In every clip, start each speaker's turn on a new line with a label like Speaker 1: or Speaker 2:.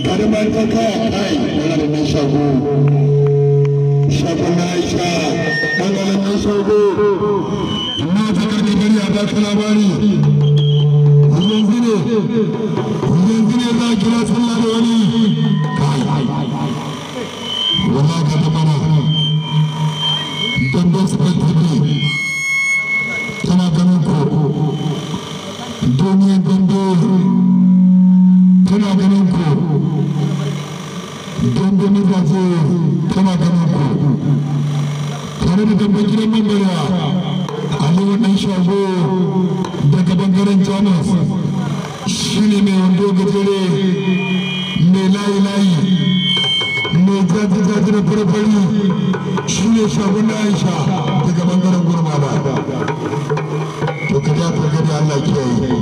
Speaker 1: garman ta kaya kai wani da shago shago na aisha ɓangaren nan shago ina ta karni bari a baka labari yanzu ne yanzu ne za a kira sallah da wani wala ka ta mana don don su kan tana ganin
Speaker 2: ko don dambe tana ganin dandami gafo tana ganin ku tare da babban gidan mambaya aliyu dan shago daga bangaren jamus shi ne mai wando gajere mai layi layi mai jaji jaji da farfari shi ne na aisha daga bangaren gurmada to
Speaker 1: ka dafa allah kiyaye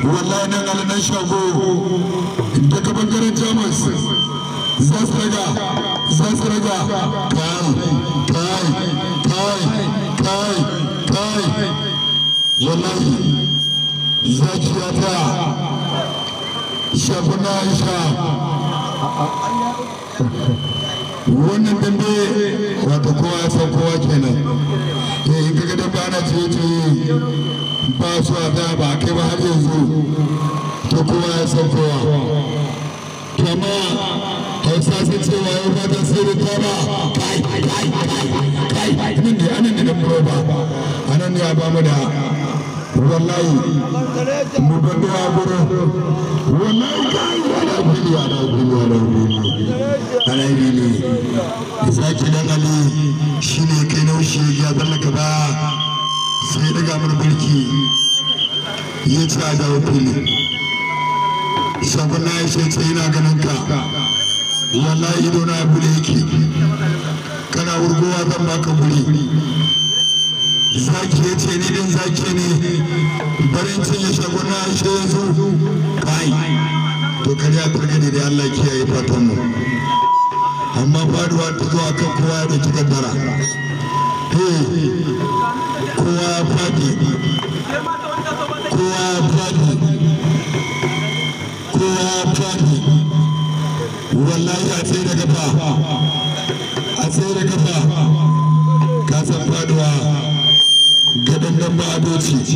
Speaker 2: wallahi nan ala nan shago daga bangaren jamus za su raga za su raga kai kai kai kai kai wallahi zakiya ta shafi na aisha wannan dambe wato
Speaker 1: kowa ya san kowa kenan eh in kaga dambe ana ciye ciye eh, ba su a da ba kai ba har yanzu to kowa ya san kowa to amma hausa sun ce wa ta sai da tama kai kai
Speaker 2: kai kai nan ne anan ne ba anan ne ya ba mu da wallahi mu ba da aburo wallahi kai
Speaker 1: wala kuli ala kuli ala kuli ala ne zaki dan
Speaker 2: ali shine kai naushi ya ballaka ba sai daga mun burki ya ci da kuli sabon na ya ce tsaye na ganin ka wallahi ido na bude yake kana wurgowa zan baka guri zaki ya ce ni din zaki ne barin cin ya shago na shi yanzu kai to kariya targade da Allah kiyaye fatan mu amma faduwa ta zuwa kan kowa ya dauki kaddara
Speaker 1: kowa ya fadi kowa ya fadi kowa ya fadi
Speaker 2: wallahi a tsaye da kafa a tsaye da kafa ka san faduwa idan ba ci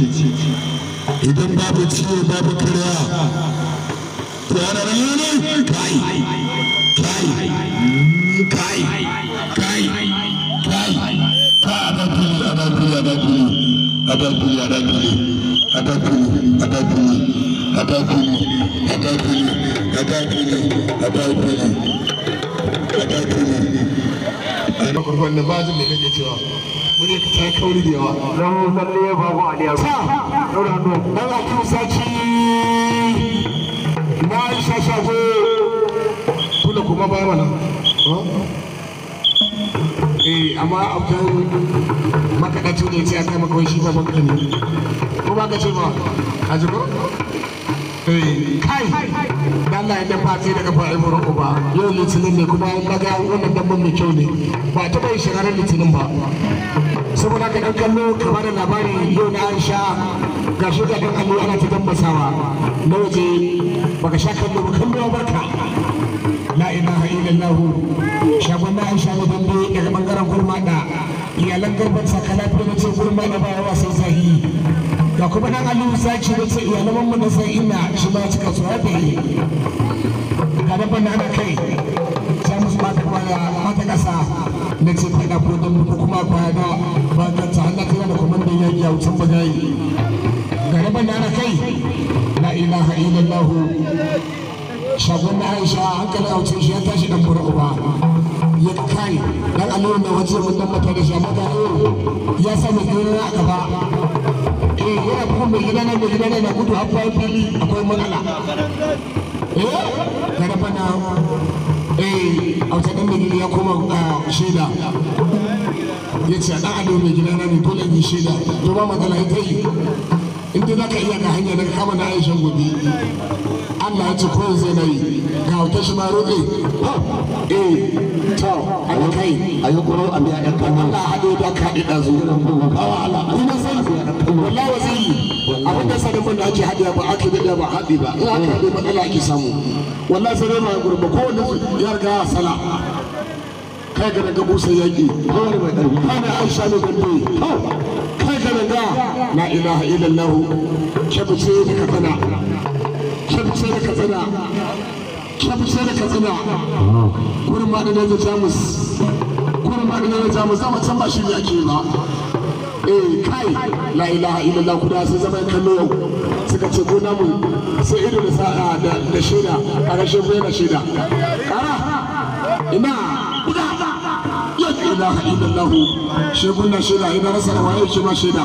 Speaker 2: idan babu ciwo babu karya to ana ranar kai kai kai kai kai ka adabili adabili adabili adabili adabili adabili adabili adabili adabili adabili wanda ba jin mai kake cewa mune ka ta kauri da yawa ya babu sa na kuma ba mana eh amma makadaci da ya ce a kai shi ba ko ba ka ce ba a ji ko kai da Allah ya dafa sai daga fa'il murku ba yau litinin ne kuma in daga wannan dabban mai kyau ne ba ta bai shagarar litinin ba saboda ka dan kallo kamar da labari yau na Aisha ga shi ga dan ana ta dambasawa na waje baka sha kallo ba kallo barka la ilaha illallah shagon na Aisha ne dambe daga bangaren Kurma da iyalan garban sakalafi da ce Kurma da ba yawa sai zahi da kuma nan aliyu zaki ce iyalan mu na san ina shi ma cika su rafe ga dabban da kai sai musu ba ta kwaya mata kasa na ce ta da kodin ko kuma kwaya da ba ta ta Allah ta da komandan yayi ya wucin bagayi ga dabban da kai la ilaha illallah shagon da Aisha a wucin shi ya tashi dan bura'uba ya kai dan aliyu mai wace mun dan mata da shi amma da ya sanya gina a gaba eh yana bugun mai gidana mai gidana na gudu har ya fili akwai matsala eh garaba na eh a wata dan mai ya koma shaida ya ce dan ado mai gidana ne dole ne shaida to ba matsala ita yi Inda za ka iya ga hanya daga kama na Aisha gobe Allah ya ci ko zai mai ga wata shi ma roƙe eh to Allah kai yi kuro a biya ɗan kama Allah haɗo da ka ɗi ɗazu kuma sai wallahi wasiri abin da sadafin da ake haɗe ba ake daɗa ba haɗi ba in aka haɗe matsala ake samu Wala sai dai ma gurba kowanne ya riga sala kai ga daga busa yaƙi kai ga Aisha ne gande kai ga daga la ilaha illallah kyabce da katsina kyabce da katsina kyabce da katsina kurin ma dinar da jamus kurin ma dinar da jamus zama can ba shi ne ake ba eh kai la ilaha illallah kuda sai zama kallo yau suka ce ko mu sai ido da sa'a ah, da shaida a rashin ko da shaida kara ina kuda la ilaha illallah shi na shaida ina rasa waye shi ma shaida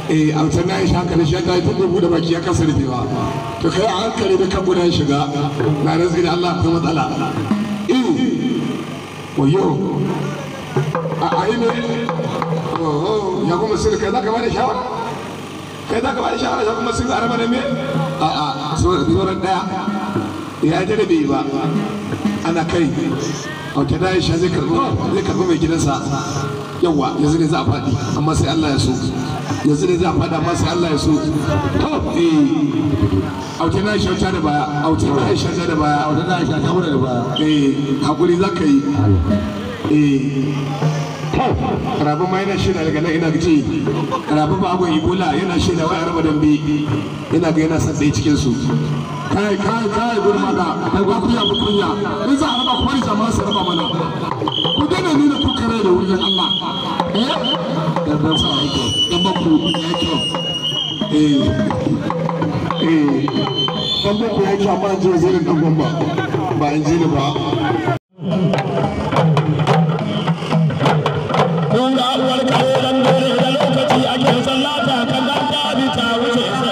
Speaker 2: eh autan na shi hankali shi hankali tun da bude baki ya kasa rufewa to kai a hankali da kan gudan shiga na razgi da Allah akwai matsala in eh, wayo a aini ya kuma sirri kai zaka bada shawara kai zaka bada shawara ya kuma sirri araba ne me a a tsoron daya ya jarabe ba ana kai autan na shi zai karbi mai gidansa yawa yanzu ne za a faɗi amma sai Allah ya so yanzu ne za a fada masa Allah ya so oh, eh auta na shauta da baya auta na shauta da baya auta na shauta da baya eh hakuri ka yi eh oh, rabu ma yana shida daga nan ina ce rabu ba agon ibola yana shida wai araba bi. yana ga yana san ɗaya cikin su kai kai kai gurma da kai ba kuya ba kunya in za a raba kuma kwari jama'a su raba mana ku dana nuna kukare da wurin Allah eh da ban sa aiki kwamfuta ya uwar eh da
Speaker 1: lokaci ake ta wuce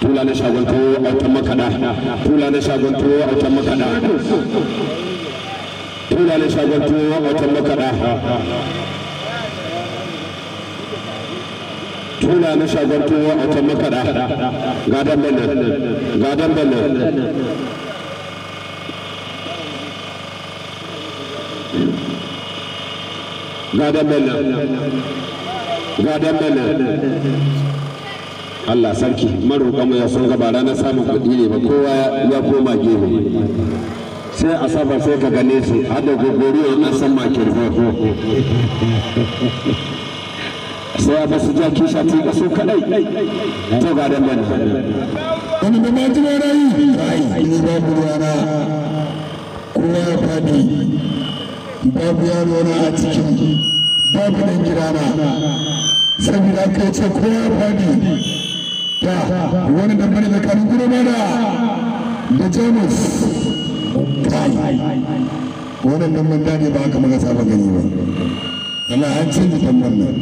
Speaker 1: tula ne shagon tuwo wutan makaɗa tula ne shagon tuwo wutan makaɗa tula ne shagon tuwo wutan makaɗa tula ne shagon tuwo wutan makaɗa gadan bane gadan bane gadan bane gadan bane Allah sarki maroƙa ya sun gaba ranar samun kuɗi ne ba kowa ya koma gefe sai a saba sai ka gane su hada gogoro yana san makin zafi sai a basu jaki shati ga su kadai to ga da mai wani da mati ba rayu ba babu rana kowa ya fadi babu yaro
Speaker 2: na a cikin babu dan gidana saboda kai ce kowa ya fadi Da wani da kanu gurma da da jamus kai wannan damban da ne ba haka muka saba gani ba an canza damban nan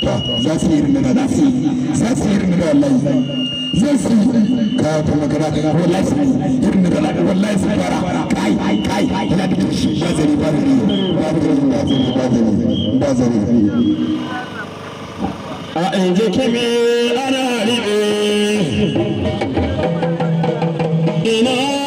Speaker 2: ta za su yi irin da za su yi za su yi irin da wallahi zai su yi ka ta magana ka wallahi su yi irin da wallahi su fara kai kai yana da shi ba zari ba zari ba
Speaker 1: zari ba zari ba zari a inji ana ribe ina